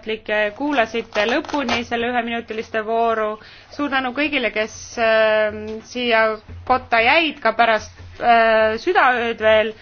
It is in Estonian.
ametlikke kuulasite lõpuni selle üheminutiliste vooru. suur tänu kõigile, kes äh, siia kotta jäid ka pärast äh, südaööd veel.